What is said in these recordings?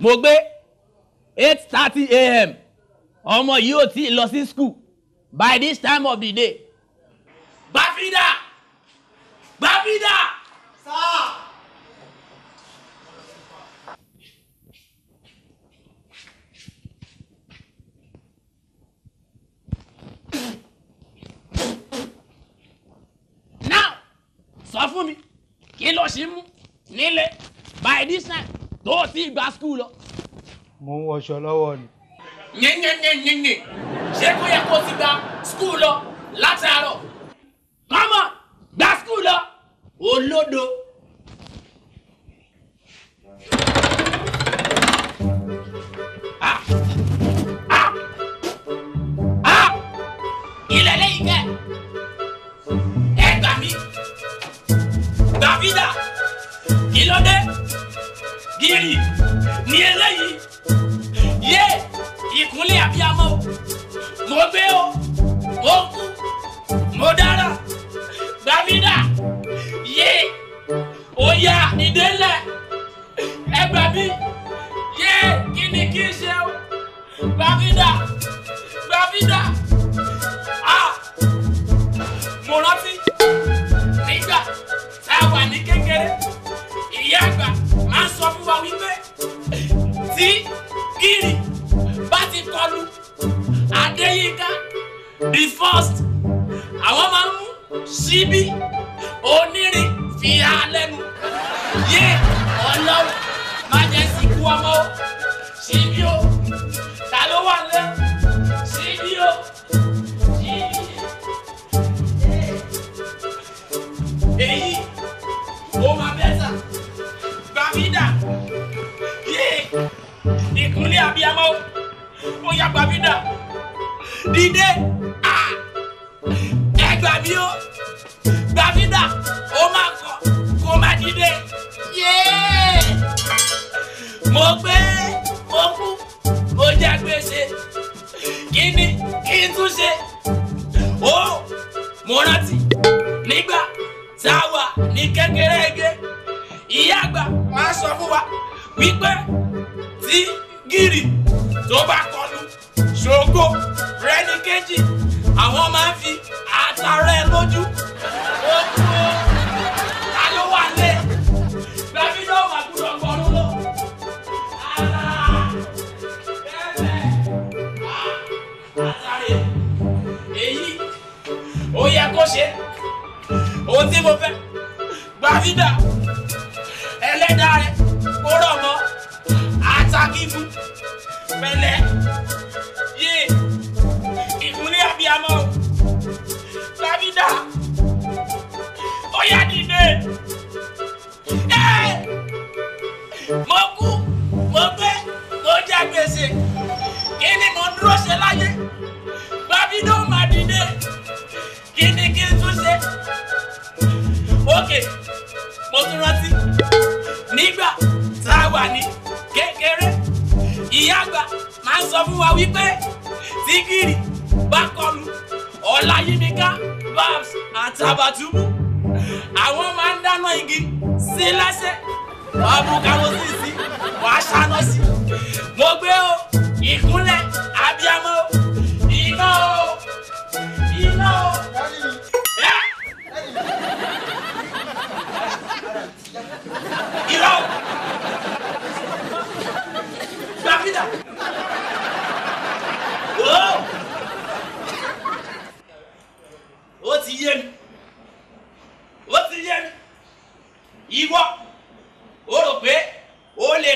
mo gbé eight thirty a.m. ọmọ yìí ò tí ì lọ sí school by this time of the day. gbàfídà gbàfídà. sáà. now sọ fún mi kí ló ṣì mú nílé by this time tó ti gba skul lọ. mo ń wọṣọ lọ́wọ́ ni. yìnyínyìnyìnyìn ṣé kó yẹ kó ti gba skul lọ látàárọ̀ mama gba skul lọ olódo. iyì ní eléyìí ye, ìkúnlẹ̀ àbíamọ́ mo gbé o mo ku, mo dára gbàmídà ye, oya ìdélẹ̀ ẹgbàmí yé ye, kini kí n o gbàmídà. gírì bá ti kọlu adéyínká the first àwọn máa ń mú síbí onírin fi ha lẹ́nu yé ọlọ́run má jẹ́ sìnkú ọmọ síbí o ta ló wà lẹ́ síbí o. mi dà dìde ah. ẹ gbà mí o gbà mí dà ó máa kọ kó máa dìde yéé mo gbé mo kú mo já gbèsè kí ni kí n tún ṣe ó mo rántí nígbà tá a wà ní ege ìyá àgbà máa sọ fún wa wípé tí gírì tó bá kọlu ṣògo rẹni kejì àwọn máa ń fi àtàrà ẹ lójú ó kú ó ta ló wà lé gbàbí ló wà gbúdọ̀ gbọ́rú lọ. èyí ó yẹ kó ṣe ohun tí mo fẹ́ gbàvídà ẹlẹ́dàá rẹ kó rọ̀ mọ́ àtàkì pẹ̀lẹ́. sókè mo tún rántí nígbà tá a wà ní kékeré ìyá àgbà máa ń sọ fún wa wípé tí gìrì bá kọlu ọ̀làyímíká babs àtàbàtúbù àwọn máa ń dáná igi sí lẹ́sẹ̀ ọmọ kàwọn sì sí wàá ṣáná sí mo gbé o ìkúnlẹ̀ àti.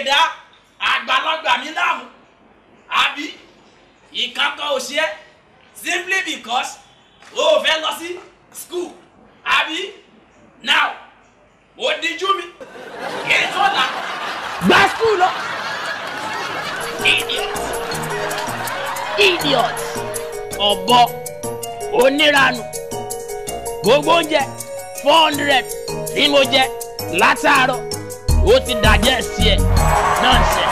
ẹ̀dá àgbàlagbà mi láàmú àbí ìkankan ò ṣe é simply because o ò fẹ́ lọ school àbí now ò díjú mi kí n tó là. gba school lọ. idiot idiot ọ̀bọ oníranù gbogbo oúnjẹ four hundred tí mo jẹ látàárọ̀ ó ti digest ẹ̀ nonsense.